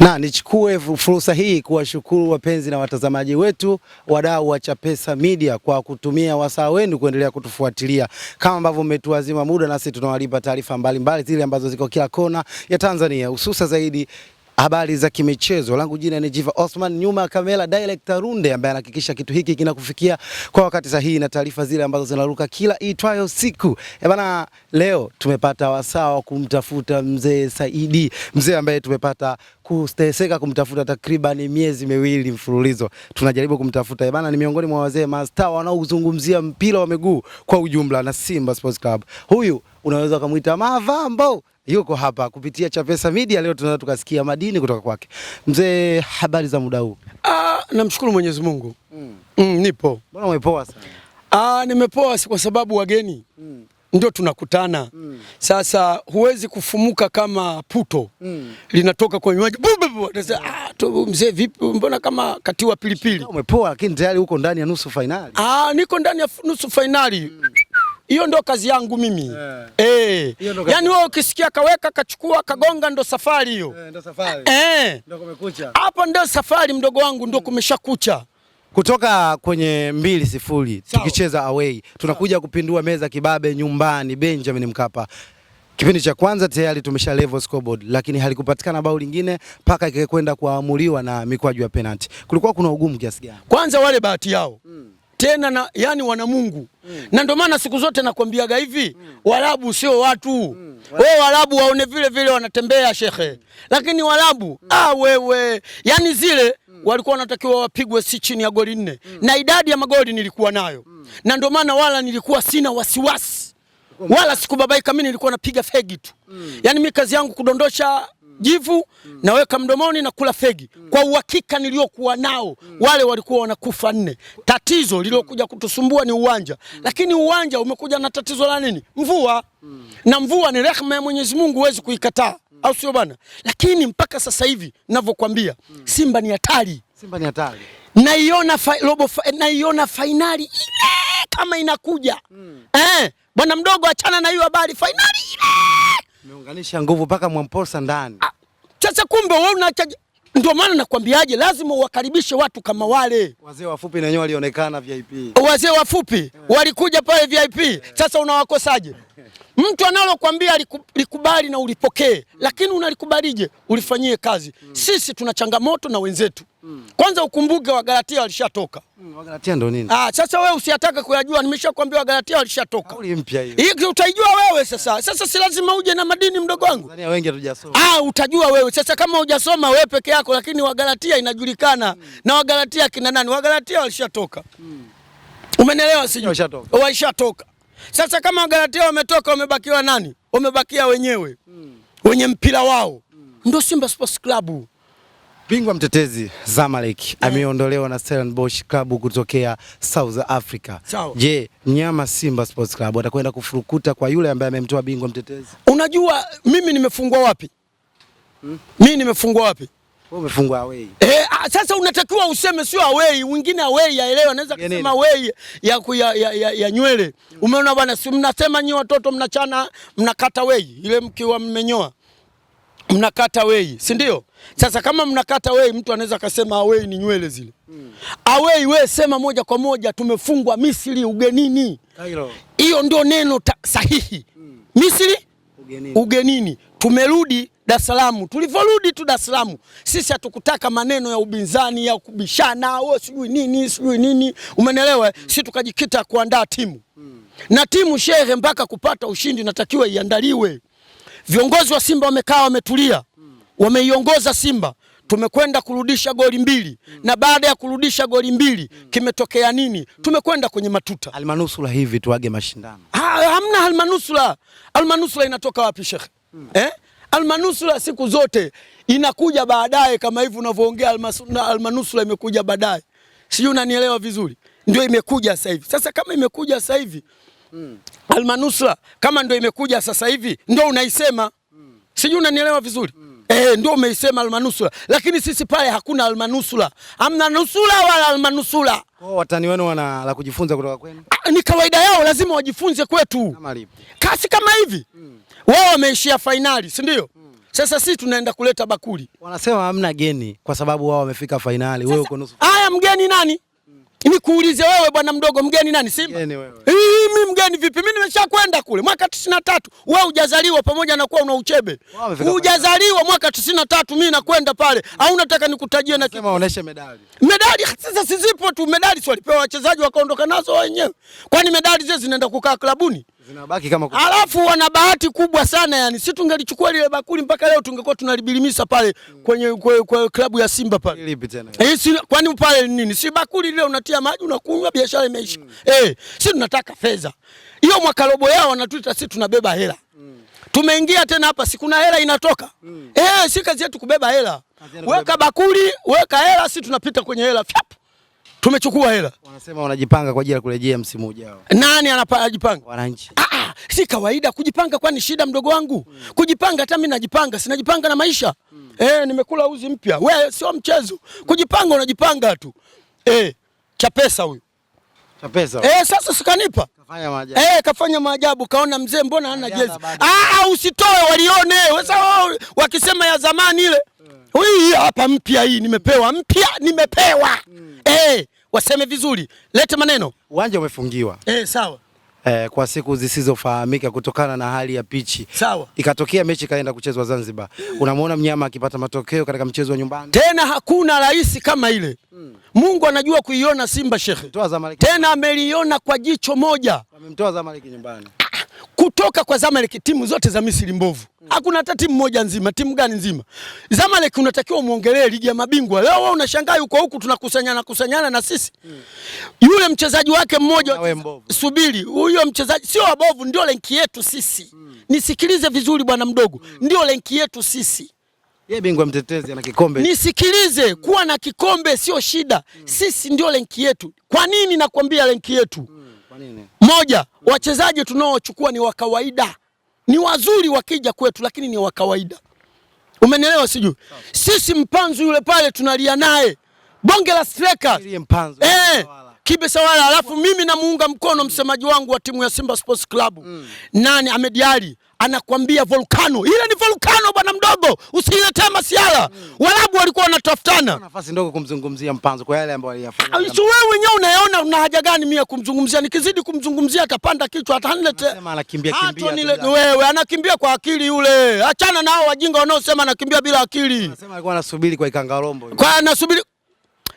Na nichukue fursa hii kuwashukuru wapenzi na watazamaji wetu, wadau wa Chapesa Media kwa kutumia wasaa wenu kuendelea kutufuatilia. Kama ambavyo mmetuazima muda, nasi tunawalipa taarifa mbalimbali zile ambazo ziko kila kona ya Tanzania, hususa zaidi habari za kimichezo. Langu jina ni Jiva Osman, nyuma ya kamera director Runde, ambaye anahakikisha kitu hiki kinakufikia kwa wakati sahihi na taarifa zile ambazo zinaruka kila itwayo siku. E bana, leo tumepata wasaa wa kumtafuta mzee Saidi, mzee ambaye tumepata kusteseka kumtafuta takriban miezi miwili mfululizo, tunajaribu kumtafuta eh, bana. Ni miongoni mwa wazee mastaa wanaozungumzia mpira wa miguu kwa ujumla na Simba Sports Club. Huyu unaweza ukamwita Mavambo, yuko hapa kupitia Chapesa Media. Leo tunaweza tukasikia madini kutoka kwake. Mzee, habari za muda huu? Ah, namshukuru Mwenyezi Mungu. Mm. Mm, nipo. Mbona umepoa sana? Ah, nimepoa si kwa sababu wageni mm ndio tunakutana mm. Sasa huwezi kufumuka kama puto mm. linatoka kwenye maji mm. ah, Mzee vipi, mbona kama katiwa pilipili? Umepoa, lakini tayari uko ndani ya nusu fainali. Ah, niko ndani ya nusu fainali mm. hiyo mm. ndo kazi yangu mimi yeah. E. Eh. Kazi... yaani wewe ukisikia kaweka kachukua kagonga ndo safari hiyo yeah, ndo safari. E. Eh. Ndo kumekucha. ndo safari mdogo wangu ndo mm. kumeshakucha kutoka kwenye mbili sifuri tukicheza away tunakuja Sao. kupindua meza kibabe nyumbani Benjamin Mkapa. Kipindi cha kwanza tayari tumesha level scoreboard, lakini halikupatikana bao lingine mpaka ikakwenda kuamuliwa na mikwaju ya penalty. Kulikuwa kuna ugumu kiasi gani? Kwanza wale bahati yao hmm. tena na, yani wana Mungu mm. na ndio maana siku zote nakwambiaga hivi mm. Warabu sio watu mm. We Warabu waone vile vile wanatembea shekhe mm. lakini Warabu mm. ah, wewe yani zile walikuwa wanatakiwa wapigwe si chini ya goli nne mm. na idadi ya magoli nilikuwa nayo mm. na ndio maana wala nilikuwa sina wasiwasi mm. wala sikubabaika, mimi nilikuwa napiga fegi tu mm. yani mimi kazi yangu kudondosha mm. jivu mm. naweka mdomoni na kula fegi mm. kwa uhakika niliokuwa nao mm. wale walikuwa wanakufa nne. Tatizo lililokuja kutusumbua ni uwanja mm. lakini uwanja umekuja na tatizo la nini? Mvua mm. na mvua ni rehema ya Mwenyezi Mungu, huwezi kuikataa au sio bwana? Lakini mpaka sasa hivi ninavyokuambia, Simba ni hatari, Simba ni hatari. Naiona robo fa, naiona fainali ile kama inakuja mm. Eh, bwana mdogo, achana na hiyo habari fainali ile. Umeunganisha nguvu mpaka Mwamposa ndani. Ah, sasa kumbe wewe unachaji ndio maana nakwambiaje, lazima uwakaribishe watu kama wale wazee wafupi. Na wenyewe walionekana VIP, wazee wafupi yeah. walikuja pale VIP yeah. Sasa unawakosaje? mtu analokwambia likubali na ulipokee, lakini unalikubalije? Ulifanyie kazi hmm. Sisi tuna changamoto na wenzetu kwanza ukumbuke Wagalatia walishatoka mm, Wagalatia ndo nini? Ah, sasa wewe usiyataka kuyajua, nimeshakwambia Wagalatia walishatoka. Kauli mpya hiyo. Hii utaijua wewe sasa. Yeah. Sasa si lazima uje na madini, mdogo wangu. Tanzania wengi hatujasoma. Ah, utajua wewe sasa kama hujasoma wewe peke yako, lakini Wagalatia inajulikana mm. na Wagalatia kina nani? Wagalatia walishatoka mm. Umenelewa sijui? Walishatoka. Walishatoka. Sasa kama Wagalatia wametoka, wamebakiwa nani? Wamebakia wenyewe mm. wenye mpira wao mm. ndio Simba Sports Club. Bingwa mtetezi Zamalek yeah, ameondolewa na Stellenbosch Club kutokea South Africa. Je, mnyama Simba Sports Club atakwenda kufurukuta kwa yule ambaye amemtoa bingwa mtetezi? Unajua mimi nimefungwa wapi? Hmm? Mimi nimefungwa wapi? Wewe umefungwa away. Eh, ah, sasa unatakiwa useme sio away, wengine away yaelewa, anaweza kusema away ya, ya, ya, ya, ya nywele. Hmm. Umeona bwana, si mnasema nyi watoto mnachana mnakata away ile mkiwa mmenyoa mnakata wei, si ndio? Sasa kama mnakata wei, mtu anaweza akasema awei ni nywele zile hmm. Awei we sema moja kwa moja tumefungwa Misri ugenini. Hiyo ndio neno sahihi hmm. Misri ugenini, ugenini. Tumerudi Dar es Salaam, tulivyorudi tu Dar es Salaam, sisi hatukutaka maneno ya ubinzani ya kubishana, wewe sijui nini sijui nini, umenelewa hmm. Eh? Sisi tukajikita kuandaa timu hmm. Na timu shehe, mpaka kupata ushindi natakiwa iandaliwe Viongozi wa Simba wamekaa wametulia, wameiongoza Simba, tumekwenda kurudisha goli mbili mm. na baada ya kurudisha goli mbili mm. kimetokea nini? Tumekwenda kwenye matuta almanusula, hivi tuage mashindano ha, hamna almanusura. Almanusura inatoka wapi shekhe? mm. eh? Almanusura siku zote inakuja baadaye, kama hivi unavyoongea almanusura imekuja baadaye, sijui unanielewa vizuri, ndio imekuja sasa hivi. Sasa kama imekuja sasa hivi mm. Almanusra kama ndio imekuja sasa hivi ndio unaisema mm. Sijui unanielewa vizuri mm. Eh, ndio umeisema almanusula, lakini sisi pale hakuna almanusula, amna nusula wala almanusura. Oh, watani wenu wana la kujifunza kutoka kwenu, ah, ni kawaida yao, lazima wajifunze kwetu. Kama lipo. kasi kama hivi mm. wao wameishia fainali, si ndio? mm. Sasa sisi tunaenda kuleta bakuli, wanasema amna geni kwa sababu wao wamefika fainali, wewe uko nusu. Haya, mgeni nani? Nikuulize wewe bwana mdogo, mgeni nani? Simba mgeni wewe. Hii mimi mgeni vipi? Mimi nimeshakwenda kule mwaka 93. Wewe hujazaliwa, pamoja na kuwa una uchebe hujazaliwa mwaka 93. Mimi nakwenda pale, au unataka nikutajie na sema uoneshe medali? Medali sasa sizipo tu, medali si walipewa wachezaji wakaondoka nazo wenyewe. Kwani medali zile zinaenda kukaa klabuni? Zinabaki kama kutu. Alafu wana bahati kubwa sana yani, si tungelichukua lile bakuli mpaka leo tungekuwa tunalibilimisa pale kwenye kwe, kwe, klabu ya Simba pale. Lipi tena? Eh, si kwani pale nini? Si bakuli lile unatia maji unakunywa biashara imeisha. Mm. Eh, si tunataka fedha. Hiyo mwaka robo yao wanatuita sisi tunabeba hela. Mm. Tumeingia tena hapa si kuna hela inatoka. Mm. Eh, si kazi yetu kubeba hela. Weka bakuli, weka hela, sisi tunapita kwenye hela. Fyap tumechukua hela. Wanasema wanajipanga kwa ajili ya kurejea msimu ujao. Nani anajipanga? Wananchi. Ah, ah, si kawaida kujipanga, kwani shida mdogo wangu hmm. Kujipanga hata mimi najipanga, sinajipanga na maisha hmm. Eh, nimekula uzi mpya, we sio mchezo hmm. kujipanga, unajipanga tu eh, cha pesa huyu Chapesa. Eh, sasa sikanipa. Kafanya maajabu. Eh, kafanya maajabu kaona mzee mbona hana jezi. Ah, ah, usitoe walione. Wewe Sasa wakisema ya zamani ile. Hmm. Hii hapa mpya hii nimepewa mpya nimepewa. Mm. Eh, Hey waseme vizuri, lete maneno. Uwanja umefungiwa eh, sawa eh, kwa siku zisizofahamika kutokana na hali ya pichi. Sawa, ikatokea mechi ikaenda kuchezwa Zanzibar. Mm. Unamwona mnyama akipata matokeo katika mchezo wa nyumbani, tena hakuna rahisi kama ile. Mm. Mungu anajua kuiona Simba shekhe, tena ameliona kwa jicho moja, amemtoa Zamaliki nyumbani kutoka kwa Zamalek, timu zote za Misri mbovu, mm. hakuna hata timu moja nzima. Timu gani nzima? Zamalek unatakiwa muongelee ligi ya mabingwa. Leo wewe unashangaa yuko huku tunakusanyana kusanyana na sisi, mm. yule mchezaji wake mmoja. Subiri, huyo mchezaji sio wabovu, ndio lenki yetu sisi. Mm. Nisikilize vizuri bwana mdogo, ndio lenki yetu sisi. Yeye bingwa mtetezi ana kikombe. Nisikilize, kuwa na kikombe sio shida. Sisi ndio lenki yetu. Kwa nini nakwambia lenki yetu? Moja, wachezaji tunaochukua ni wa kawaida, ni wazuri wakija kwetu, lakini ni wa kawaida. Umenielewa? Sijui sisi mpanzu yule pale tunalia naye bonge la strikers eh, kibe sawala. Alafu mimi namuunga mkono msemaji wangu wa timu ya Simba Sports Club mm. nani Ahmed Ally anakwambia volkano. Ile ni volkano bwana mdogo, usiiletee masiala mm. Walabu walikuwa wanatafutana nafasi ndogo kumzungumzia mpanzo kwa yale ambayo aliyafanya. Ah, wewe mwenyewe unayaona, una haja gani mimi kumzungumzia? Nikizidi kumzungumzia atapanda kichwa, atanilete anakimbia ah, kimbia. Wewe anakimbia kwa akili yule, achana nao wajinga wanaosema anakimbia bila akili. Anasema alikuwa anasubiri kwa ikangarombo, kwa anasubiri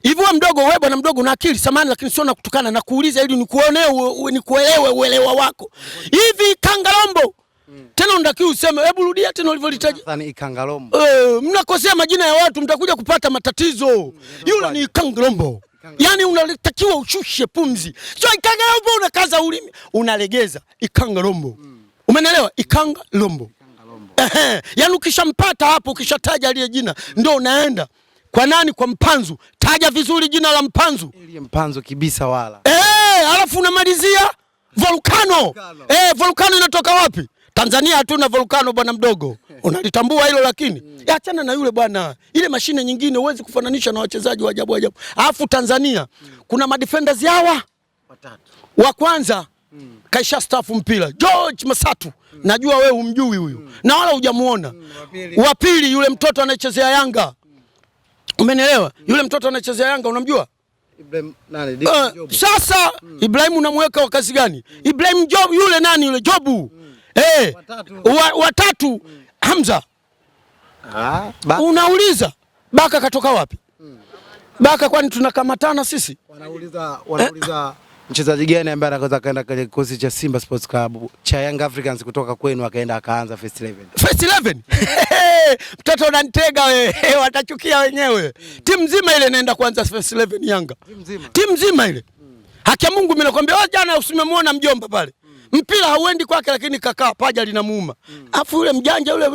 Hivi wewe mdogo, wewe bwana mdogo, una akili samani, lakini sio na kutukana na kuuliza, ili nikuonee, nikuelewe uelewa wako. Hivi Kangalombo mm. Tena unataki useme, hebu rudia tena ulivyolitaja. Ikangalombo. Eh, mnakosea majina ya watu mtakuja kupata matatizo mm. Yule ni Ikangalombo. Yaani unatakiwa ushushe pumzi, sio Ikangalombo, unakaza ulimi, unalegeza Ikangalombo mm. Umenelewa? Ikangalombo. Ehe, yaani ukishampata hapo, ukishataja aliye jina mm. Ndio unaenda kwa nani? Kwa Mpanzu. Taja vizuri jina la Mpanzu, Ile Mpanzu kibisa wala. Eh, alafu unamalizia volcano. Eh, volcano inatoka wapi? Tanzania hatuna volkano bwana mdogo, unalitambua hilo lakini mm. achana na yule bwana, ile mashine nyingine huwezi kufananisha na wachezaji wa ajabu ajabu. Alafu Tanzania kuna madefenders hawa watatu, wa kwanza kaisha stafu mpira George Masatu mm. najua wewe humjui huyu mm. na wala hujamuona mm. wa pili yule mtoto anayechezea Yanga mm. umenielewa mm. yule mtoto anayechezea Yanga unamjua Ibrahim, nani, uh, sasa hmm. Ibrahim unamweka wa kazi gani? hmm. Ibrahim Job yule nani yule Jobu hmm hey, eh, watatu wa mm. Hamza ah, baka. Unauliza baka katoka wapi? mm. Baka kwani tunakamatana sisi? Wanauliza, wanauliza eh. Mchezaji gani ambaye anaweza kaenda kwenye kikosi cha Simba Sports Club cha Young Africans kutoka kwenu akaenda akaanza first 11? First 11? Mtoto unanitega we, watachukia wenyewe. Timu nzima ile inaenda kuanza first 11 Yanga. Timu nzima. Timu nzima ile. Hmm. Haki ya Mungu mimi nakwambia, wewe jana usimemwona mjomba pale mpira hauendi kwake, lakini kakaa paja linamuuma. Mm. Afu yule mjanja yule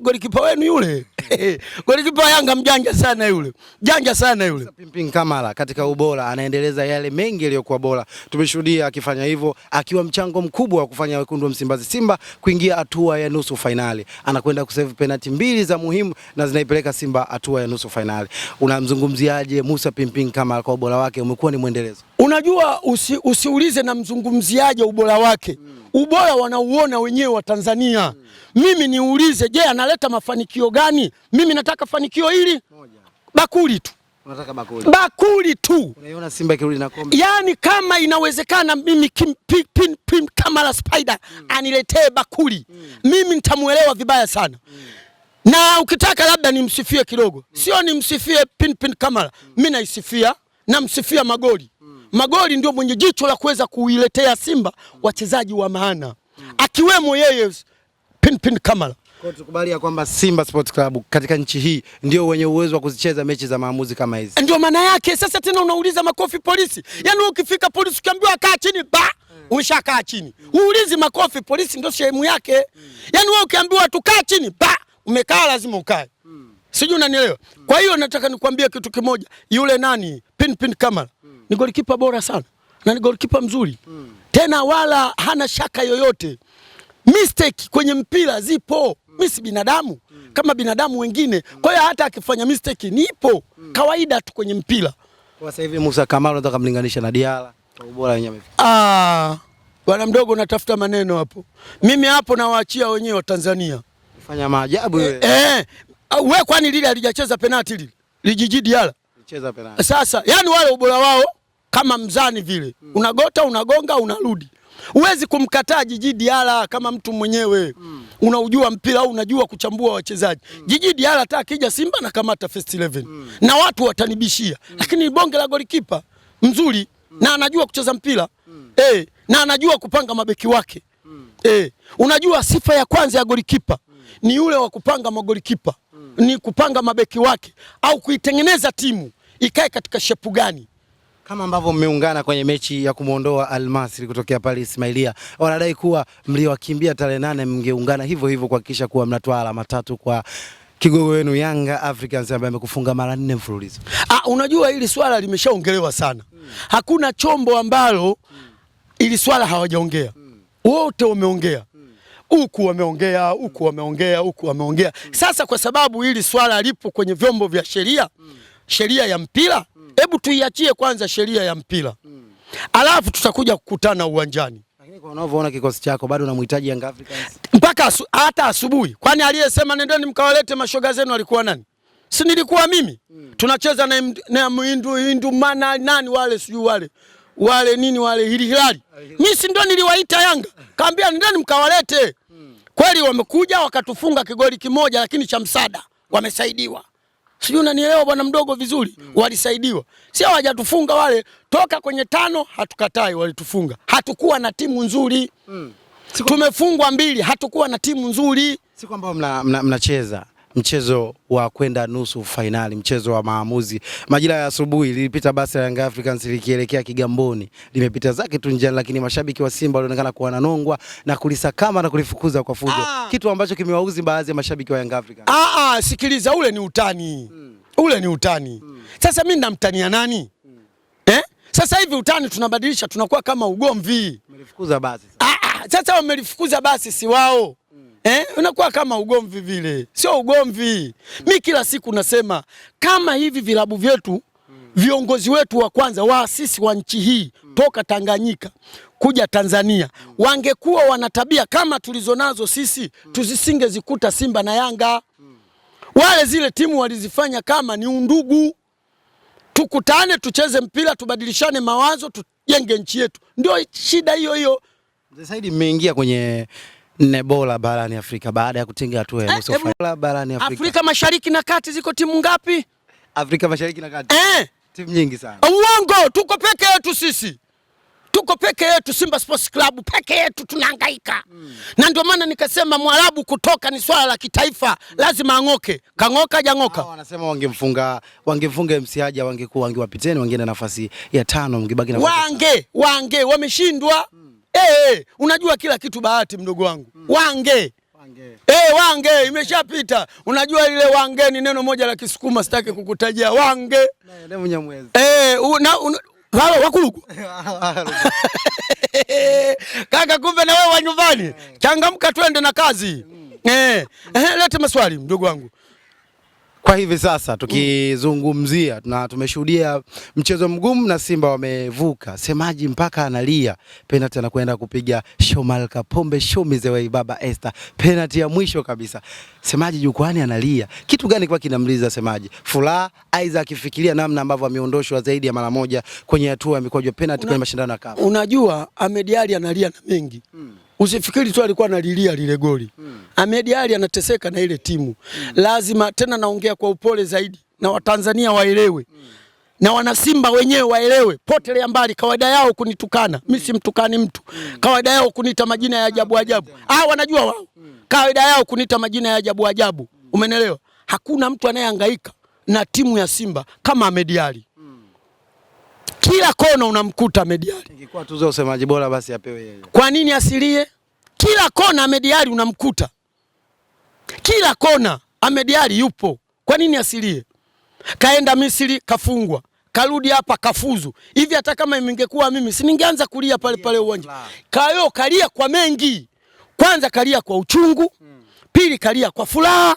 yule kipa wenu yule kipa Yanga mjanja sana yule, janja sana yule. Pimpin Kamara katika ubora anaendeleza yale mengi yaliyokuwa bora, tumeshuhudia akifanya hivyo, akiwa mchango mkubwa wa kufanya wekundu wa Msimbazi Simba kuingia hatua ya nusu fainali. Anakwenda kusave penalti mbili za muhimu na zinaipeleka Simba hatua ya nusu fainali. Unamzungumziaje Musa Pimpin Kamara kwa ubora wake? Umekuwa ni mwendelezo. Unajua usi, usiulize namzungumziaje ubora wake hmm ubora wanauona wenyewe wa Tanzania Mimi niulize, je, analeta mafanikio gani? Mimi nataka fanikio hili bakuli tu bakuli. Bakuli tu Simba na kombe. Yani kama inawezekana mimi kim, pin, pin, pin, la Spider mm. aniletee bakuli mm. Mimi nitamuelewa vibaya sana mm. Na ukitaka labda nimsifie kidogo hmm. Sio nimsifie pin, pin, Kamala hmm. Mimi naisifia namsifia magoli Magoli ndio mwenye jicho la kuweza kuiletea Simba wachezaji wa maana akiwemo yeye Pinpin Kamara. Kwa tukubali ya kwamba Simba Sports Club katika nchi hii ndio wenye uwezo wa kuzicheza mechi za maamuzi kama hizi. Ndio maana yake. Sasa tena unauliza makofi polisi. Yaani ukifika polisi ukiambiwa kaa chini ba umeshakaa chini. Uulizi makofi polisi ndio sehemu yake. Yaani wewe ukiambiwa tu kaa chini ba umekaa lazima ukae. Hmm. Sijui unanielewa. Kwa hiyo nataka nikwambie kitu kimoja. Yule nani? Pinpin Kamara ni golikipa bora sana na ni golikipa mzuri mm. Tena wala hana shaka yoyote. Mistake kwenye mpira zipo mm. Mimi si binadamu mm. kama binadamu wengine mm. Kwa hiyo hata akifanya mistake nipo mm. kawaida tu kwenye mpira. Kwa sasa hivi Musa Kamara unataka kumlinganisha na Diala kwa ubora wenyewe amefikia. Ah, bwana mdogo natafuta maneno hapo. Mimi hapo nawaachia wenyewe wa Tanzania. Fanya maajabu wewe eh, eh, wewe kwani lile alijacheza penalti lile? Lijiji Diala. Alicheza penalti. Sasa, yani wale ubora wao kama mzani vile mm. Unagota, unagonga, unarudi. Huwezi kumkataa Jiji Diala kama mtu mwenyewe mm. Unaujua mpira au unajua kuchambua wachezaji mm. Jiji Diala hata akija Simba na kamata first 11 mm. na watu watanibishia mm. Lakini bonge la golikipa mzuri mm. na anajua kucheza mpira mm. eh, na anajua kupanga mabeki wake mm. eh, unajua sifa ya kwanza ya golikipa mm. ni yule wa kupanga magolikipa mm. ni kupanga mabeki wake au kuitengeneza timu ikae katika shepu gani kama ambavyo mmeungana kwenye mechi ya kumwondoa almasri kutokea pale Ismailia, wanadai kuwa mliwakimbia tarehe nane mngeungana hivyo hivyo kuhakikisha kuwa mnatoa alama tatu kwa kigogo wenu Yanga Africans ambaye amekufunga mara nne mfululizo. Ah, unajua hili swala limeshaongelewa sana hmm. Hakuna chombo ambalo hmm. ili swala hawajaongea hmm. Wote wameongea huku wameongea huku wameongea huku wameongea. Sasa kwa sababu hili swala lipo kwenye vyombo vya sheria, sheria ya mpira Hebu tuiachie kwanza sheria ya mpira mm. Alafu tutakuja kukutana uwanjani. Lakini kwa unavyoona kikosi chako bado unamhitaji Young Africans mpaka asu, hata asubuhi. Kwani aliyesema nendeni mkawalete mashoga zenu alikuwa nani? Si nilikuwa mimi mm. Tunacheza na, na Hindu, Hindu mana nani wale sijui wale wale nini wale hili hilali mimi si ndo niliwaita Yanga, kaambia nendeni mkawalete mm. Kweli wamekuja wakatufunga kigoli kimoja, lakini cha msada wamesaidiwa sijui unanielewa bwana mdogo vizuri mm. Walisaidiwa, sio hawajatufunga wale, toka kwenye tano hatukatai, walitufunga. Hatukuwa na timu nzuri mm. Siku... tumefungwa mbili, hatukuwa na timu nzuri, si kwamba mnacheza mna, mchezo wa kwenda nusu fainali, mchezo wa maamuzi. Majira ya asubuhi lilipita basi la Young Africans likielekea Kigamboni, limepita zake tu njiani, lakini mashabiki wa Simba walionekana kuwananongwa na kulisakama na kulifukuza kwa fujo, ah. kitu ambacho kimewauzi baadhi ya mashabiki wa Young Africans. Ah, ah, sikiliza, ule ni utani hmm. ule ni utani hmm. Sasa mimi namtania nani? hmm. eh? Sasa hivi utani tunabadilisha, tunakuwa kama ugomvi. Melifukuza basi sasa. Ah, ah, sasa wamelifukuza basi, si wao Eh, unakuwa kama ugomvi vile. Sio ugomvi. Mi kila siku nasema kama hivi vilabu vyetu viongozi wetu wa kwanza waasisi wa nchi hii toka Tanganyika kuja Tanzania wangekuwa wana tabia kama tulizonazo sisi, tusisingezikuta Simba na Yanga. Wale zile timu walizifanya kama ni undugu, tukutane, tucheze mpira, tubadilishane mawazo, tujenge nchi yetu. Ndio shida hiyo hiyo. Sasa mmeingia kwenye nne bora barani Afrika baada ya kutinga hatua ya eh, nusu bora barani Afrika. Afrika Mashariki na Kati ziko timu ngapi? Afrika Mashariki na Kati. Eh. Timu nyingi sana. Uongo, tuko peke yetu sisi. Tuko peke yetu Simba Sports Club peke yetu tunahangaika. Mm. Na ndio maana nikasema Mwarabu kutoka ni swala la kitaifa, lazima ang'oke. Kang'oka jang'oka. Wanasema wangemfunga, wangemfunga MC Haja wangekuwa wangewapiteni wangeenda nafasi ya tano mngebaki na wange, wange wameshindwa. Mm hey, eh, eh, hey, unajua kila kitu bahati, mdogo wangu mm. wange wange, hey, eh, wange imeshapita. Unajua ile wange ni neno moja la Kisukuma, sitaki kukutajia wange hey, una, una, halo kaka, kumbe na wewe wa nyumbani, changamka, twende na kazi mm. Eh, lete maswali mdogo wangu kwa hivi sasa tukizungumzia na tumeshuhudia mchezo mgumu na Simba wamevuka. Semaji mpaka analia. Penalty anakwenda kupiga Shomal Kapombe, wa Baba Esther. Penalty ya mwisho kabisa. Semaji jukwani analia. Kitu gani kwa kinamliza Semaji? Furaha aidha akifikiria namna ambavyo ameondoshwa zaidi ya mara moja kwenye hatua ya mikwaju penalty kwenye mashindano ya CAF. Unajua Ahmed Ally analia na mengi. Hmm. Usifikiri tu alikuwa analilia lile goli hmm. Ahmed Ally anateseka na ile timu hmm. Lazima tena naongea kwa upole zaidi na Watanzania waelewe hmm. Na wanasimba wenyewe waelewe, potelea mbali kawaida yao kunitukana mimi, simtukani mtu hmm. Kawaida yao kuniita majina ya ajabu ajabu hmm. ah, wanajua wao hmm. Kawaida yao kuniita majina ya ajabu ajabu hmm. Umenelewa? Hakuna mtu anayehangaika na timu ya Simba kama Ahmed Ally kila kona unamkuta Mediali. Ingekuwa tuzo ya usemaji bora basi apewe yeye. Kwa nini asilie? Kila kona Mediali unamkuta, kila kona Mediali yupo. Kwa nini asilie? Kaenda Misri kafungwa, karudi hapa kafuzu. Hivi hata kama ingekuwa mimi si ningeanza kulia pale pale uwanja. Kayo kalia kwa mengi, kwanza kalia kwa uchungu, hmm. pili kalia kwa furaha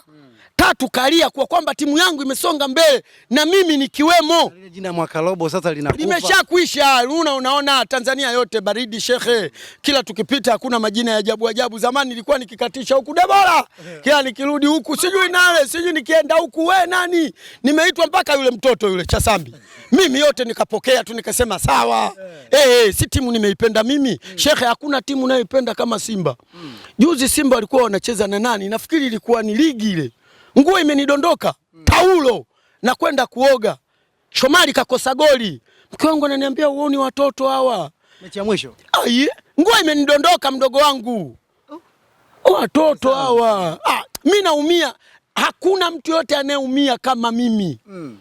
tatu kalia kwa kwamba timu yangu imesonga mbele na mimi nikiwemo. Jina mwaka robo sasa linakufa. Limeshakuisha. Una unaona Tanzania yote baridi shekhe. Kila tukipita hakuna majina ya ajabu ajabu. Zamani nilikuwa nikikatisha huku Debora. Eh. Kila nikirudi huku sijui nale, sijui nikienda huku we nani? Nimeitwa mpaka yule mtoto yule cha Sambi. Eh. Mimi yote nikapokea tu nikasema sawa. Eh, hey, eh, si timu nimeipenda mimi. Hmm. Shekhe, hakuna timu nayoipenda kama Simba. Hmm. Juzi Simba walikuwa wanacheza na nani? Nafikiri ilikuwa ni ligi ile nguo imenidondoka mm. taulo na kwenda kuoga. Shomari kakosa goli, mke wangu ananiambia uoni watoto hawa. Mechi ya mwisho ai, nguo imenidondoka mdogo wangu oh. watoto hawa ah, mi naumia. Hakuna mtu yote anayeumia kama mimi mm.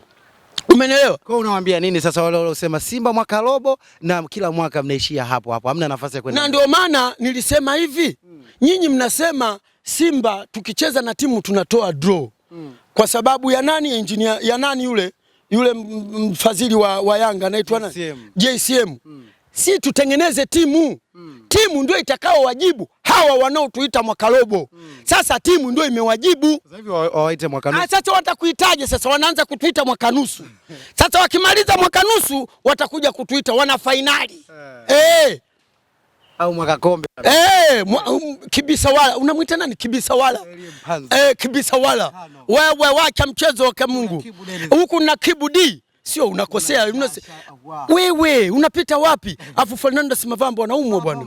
Umenielewa? Kwa unawaambia nini sasa wale waliosema Simba mwaka robo na kila mwaka mnaishia hapo hapo, hamna nafasi ya kwenda. Na ndio maana nilisema hivi mm. nyinyi mnasema Simba tukicheza na timu tunatoa draw mm. kwa sababu ya nani engineer, ya nani yule yule mfadhili wa, wa Yanga anaitwa nani JCM mm. si tutengeneze timu mm. timu ndio itakao wajibu hawa wanaotuita mwakalobo mm. Sasa timu ndio imewajibu sasa hivi ah, Sasa watakuitaje? Sasa wanaanza kutuita mwakanusu sasa wakimaliza mwakanusu watakuja kutuita wana fainali eh. Hey. Eh au mwaka kombe eh, um, kibisa wala unamwita nani? Kibisa wala eh, kibisa wala wewe, wacha mchezo wake Mungu huku na kibudi sio unakosea wewe, unapita wapi? Afu Fernando mavambo anaumwa bwana,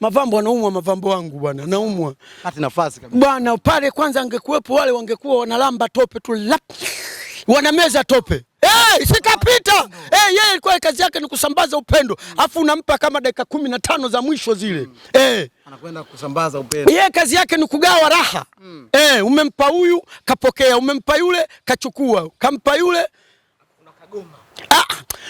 mavambo anaumwa, mavambo wangu bwana, anaumwa hata nafasi kabisa bwana. Pale kwanza angekuwepo wale wangekuwa wanalamba tope tu lap wanameza tope. Hey, sitapita. Hey, yeye ilikuwa kazi yake ni kusambaza upendo, afu unampa kama dakika kumi na tano za mwisho zile. Hey. Anakwenda kusambaza upendo. Yeye kazi yake ni kugawa raha. Hmm. Hey, umempa huyu kapokea, umempa yule kachukua, kampa yule Ah,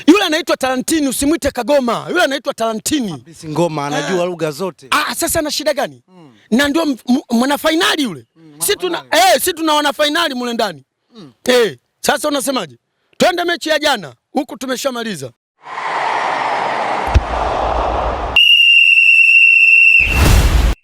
yule anaitwa Tarantini, usimwite Kagoma. Yule anaitwa Tarantini. Ngoma anajua eh. lugha zote. Ah, sasa ana shida gani? Mm. Na ndio mwanafainali yule. Mm, si tuna eh, si tuna wanafainali mule ndani. Mm. Eh. Sasa unasemaje? Twende mechi ya jana huku tumeshamaliza.